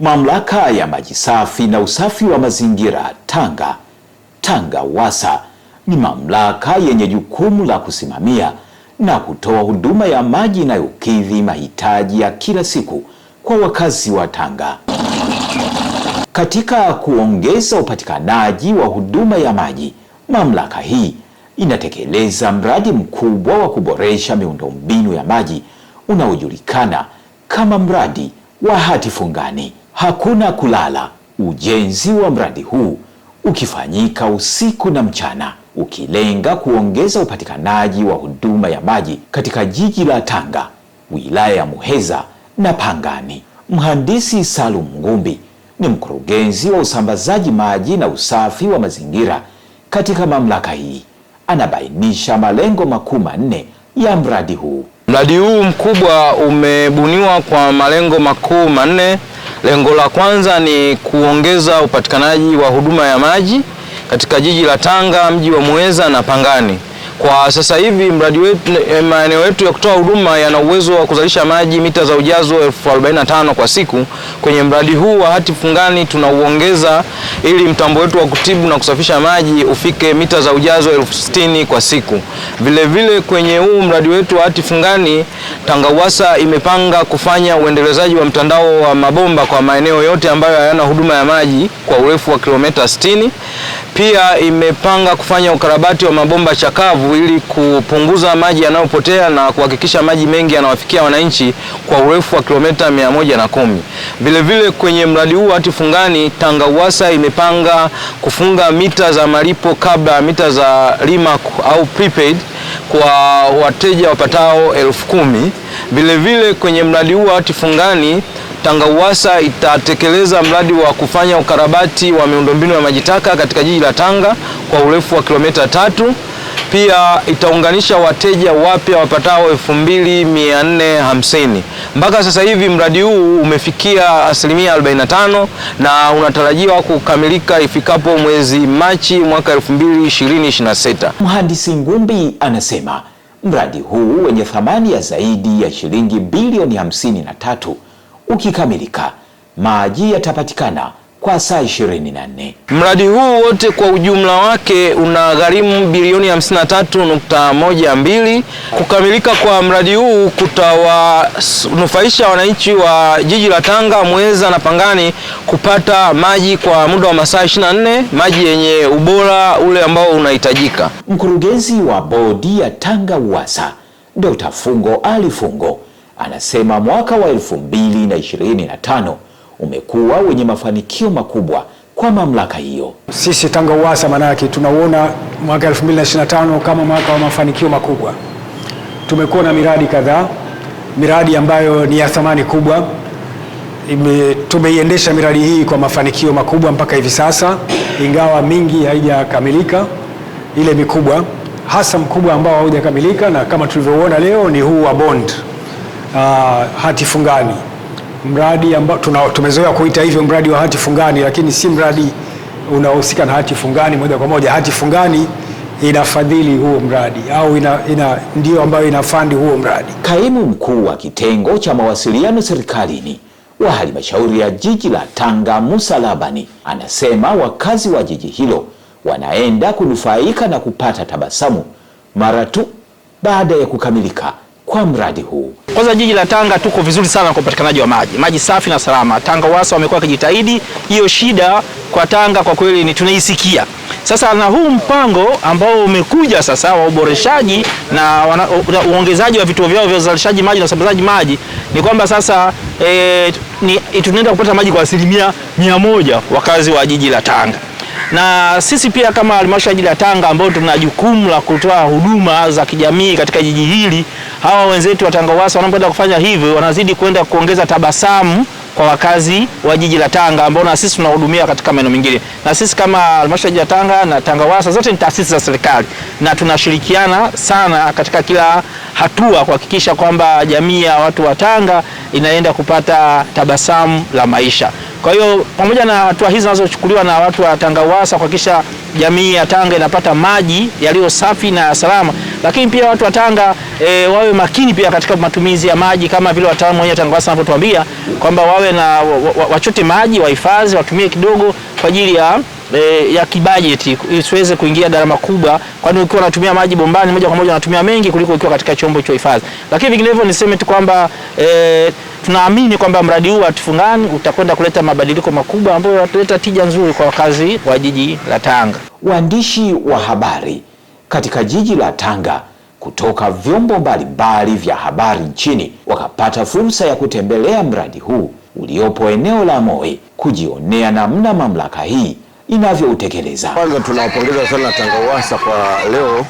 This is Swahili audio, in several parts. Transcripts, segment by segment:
Mamlaka ya maji safi na usafi wa mazingira Tanga, Tanga Wasa, ni mamlaka yenye jukumu la kusimamia na kutoa huduma ya maji inayokidhi mahitaji ya kila siku kwa wakazi wa Tanga. Katika kuongeza upatikanaji wa huduma ya maji, mamlaka hii inatekeleza mradi mkubwa wa kuboresha miundombinu ya maji unaojulikana kama mradi wa hati fungani hakuna kulala. Ujenzi wa mradi huu ukifanyika usiku na mchana, ukilenga kuongeza upatikanaji wa huduma ya maji katika jiji la Tanga, wilaya ya Muheza na Pangani. Mhandisi Salum Ngumbi ni mkurugenzi wa usambazaji maji na usafi wa mazingira katika mamlaka hii. Anabainisha malengo makuu manne ya mradi huu. Mradi huu mkubwa umebuniwa kwa malengo makuu manne. Lengo la kwanza ni kuongeza upatikanaji wa huduma ya maji katika jiji la Tanga, mji wa Muheza na Pangani. Kwa sasa hivi mradi wetu, eh, maeneo yetu ya kutoa huduma yana uwezo wa kuzalisha maji mita za ujazo 1045 kwa siku. Kwenye mradi huu wa hati fungani tunauongeza ili mtambo wetu wa kutibu na kusafisha maji ufike mita za ujazo 1060 kwa siku. Vilevile vile kwenye huu mradi wetu wa hati fungani TANGAUWASA imepanga kufanya uendelezaji wa mtandao wa mabomba kwa maeneo yote ambayo hayana huduma ya maji kwa urefu wa kilomita 60 pia imepanga kufanya ukarabati wa mabomba chakavu ili kupunguza maji yanayopotea na kuhakikisha maji mengi yanawafikia wananchi kwa urefu wa kilomita mia moja na kumi. Vilevile kwenye mradi huu hati fungani, Tanga Uwasa imepanga kufunga mita za malipo kabla ya mita za lima au prepaid kwa wateja wapatao elfu kumi. Vilevile kwenye mradi huu hati fungani Tanga Uwasa itatekeleza mradi wa kufanya ukarabati wa miundombinu ya maji taka katika jiji la Tanga kwa urefu wa kilomita tatu. Pia itaunganisha wateja wapya wapatao 2450. Mpaka sasa hivi mradi huu umefikia asilimia 45 na unatarajiwa kukamilika ifikapo mwezi Machi mwaka 2026. Mhandisi Ngumbi anasema mradi huu wenye thamani ya zaidi ya shilingi bilioni 53 ukikamilika, maji yatapatikana kwa saa 24. Mradi huu wote kwa ujumla wake una gharimu bilioni 53.12. Kukamilika kwa mradi huu kutawanufaisha wananchi wa jiji la Tanga, Mweza na Pangani kupata maji kwa muda wa masaa 24, maji yenye ubora ule ambao unahitajika. Mkurugenzi wa bodi ya Tanga UWASA Dr. Fungo Ali Fungo Anasema mwaka wa 2025 umekuwa wenye mafanikio makubwa kwa mamlaka hiyo. Sisi Tanga Uwasa manake tunauona mwaka 2025 kama mwaka wa mafanikio makubwa. Tumekuwa na miradi kadhaa, miradi ambayo ni ya thamani kubwa. Tumeiendesha miradi hii kwa mafanikio makubwa mpaka hivi sasa, ingawa mingi haijakamilika, ile mikubwa hasa mkubwa ambao haujakamilika na kama tulivyoona leo ni huu wa bond uh, hati fungani mradi ambao tumezoea kuita hivyo mradi wa hati fungani, lakini si mradi unaohusika na hati fungani moja kwa moja. Hati fungani inafadhili huo mradi au ina, ina, ndio ambayo inafandi huo mradi. Kaimu mkuu wa kitengo cha mawasiliano serikalini wa halmashauri ya jiji la Tanga, Musa Labani, anasema wakazi wa jiji hilo wanaenda kunufaika na kupata tabasamu mara tu baada ya kukamilika kwa mradi huu. Kwanza jiji la Tanga tuko vizuri sana kwa upatikanaji wa maji, maji safi na salama. Tanga Wasa wamekuwa wakijitahidi, hiyo shida kwa Tanga kwa kweli ni tunaisikia sasa, na huu mpango ambao umekuja sasa wa uboreshaji na uongezaji wa vituo vyao vya uzalishaji maji na usambazaji maji ni kwamba sasa e, tunaenda kupata maji kwa asilimia mia moja wakazi wa jiji la Tanga na sisi pia kama halmashauri ya Tanga ambao tuna jukumu la kutoa huduma za kijamii katika jiji hili, hawa wenzetu wa Tanga Uwasa wanapoenda kufanya hivyo, wanazidi kwenda kuongeza tabasamu kwa wakazi wa jiji la Tanga ambao na sisi tunahudumia katika maeneo mengine. Na sisi kama halmashauri ya Tanga na Tanga Uwasa zote ni taasisi za serikali na tunashirikiana sana katika kila hatua kuhakikisha kwamba jamii ya watu wa Tanga inaenda kupata tabasamu la maisha. Kwa hiyo pamoja na hatua hizi zinazochukuliwa na watu wa Tanga Uwasa kuhakikisha jamii ya Tanga inapata maji yaliyo safi na salama, lakini pia watu wa Tanga e, wawe makini pia katika matumizi ya maji kama vile wataalamu wenyewe Tanga Uwasa wanavyotuambia kwamba wawe na wachote maji, wahifadhi, watumie kidogo kwa ajili ya e, ya kibajeti isiweze kuingia gharama kubwa, kwani ukiwa unatumia maji bombani moja kwa moja unatumia mengi kuliko ukiwa katika chombo cha hifadhi. Lakini vinginevyo niseme tu kwamba e, tunaamini kwamba mradi huu wa Tufungani utakwenda kuleta mabadiliko makubwa ambayo yataleta tija nzuri kwa wakazi wa jiji la Tanga. Waandishi wa habari katika jiji la Tanga kutoka vyombo mbalimbali vya habari nchini wakapata fursa ya kutembelea mradi huu uliopo eneo la Moi kujionea namna mamlaka hii inavyoutekeleza. Kwanza tunawapongeza sana TANGAWASA kwa leo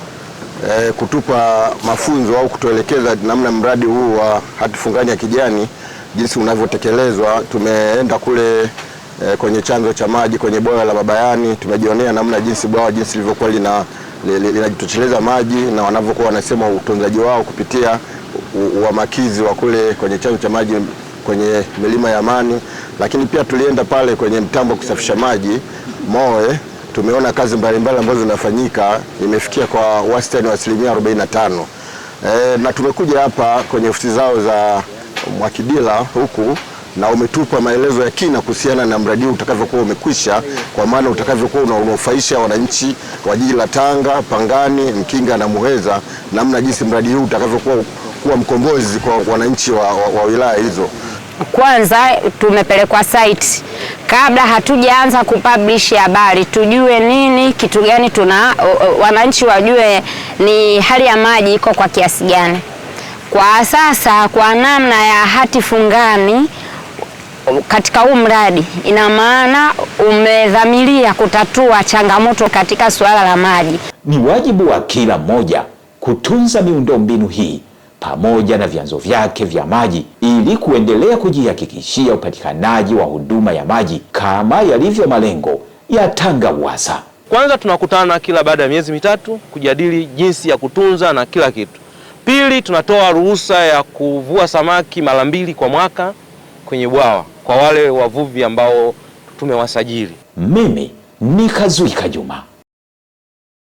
eh, kutupa mafunzo au kutuelekeza namna mradi huu wa hati fungani ya kijani jinsi unavyotekelezwa. Tumeenda kule eh, kwenye chanzo cha maji kwenye bwawa la Mabayani, tumejionea namna jinsi bwawa jinsi lilivyokuwa lina linajitosheleza maji na wanavyokuwa wanasema utunzaji wao kupitia uamakizi wa kule kwenye chanzo cha maji kwenye milima ya Amani, lakini pia tulienda pale kwenye mtambo wa kusafisha maji Moe eh, tumeona kazi mbalimbali ambazo zinafanyika imefikia kwa wastani wa asilimia 45. E, eh, na tumekuja hapa kwenye ofisi zao za Mwakidila huku na umetupa maelezo ya kina kuhusiana na mradi huu utakavyokuwa umekwisha, kwa maana utakavyokuwa unanufaisha wananchi wa jiji la Tanga, Pangani, Mkinga na Muheza, namna jinsi mradi huu utakavyokuwa kuwa mkombozi kwa wananchi wa, wa, wa wilaya hizo. Kwanza tumepelekwa site kabla hatujaanza kupublish habari tujue nini kitu gani tuna wananchi wajue ni hali ya maji iko kwa kiasi gani kwa sasa. Kwa namna ya hati fungani katika huu mradi, ina maana umedhamiria kutatua changamoto katika suala la maji. Ni wajibu wa kila mmoja kutunza miundombinu hii pamoja na vyanzo vyake vya maji ili kuendelea kujihakikishia upatikanaji wa huduma ya maji kama yalivyo malengo ya Tanga Uwasa. Kwanza tunakutana kila baada ya miezi mitatu kujadili jinsi ya kutunza na kila kitu. Pili, tunatoa ruhusa ya kuvua samaki mara mbili kwa mwaka kwenye bwawa kwa wale wavuvi ambao tumewasajili. Mimi ni Kazuika Juma.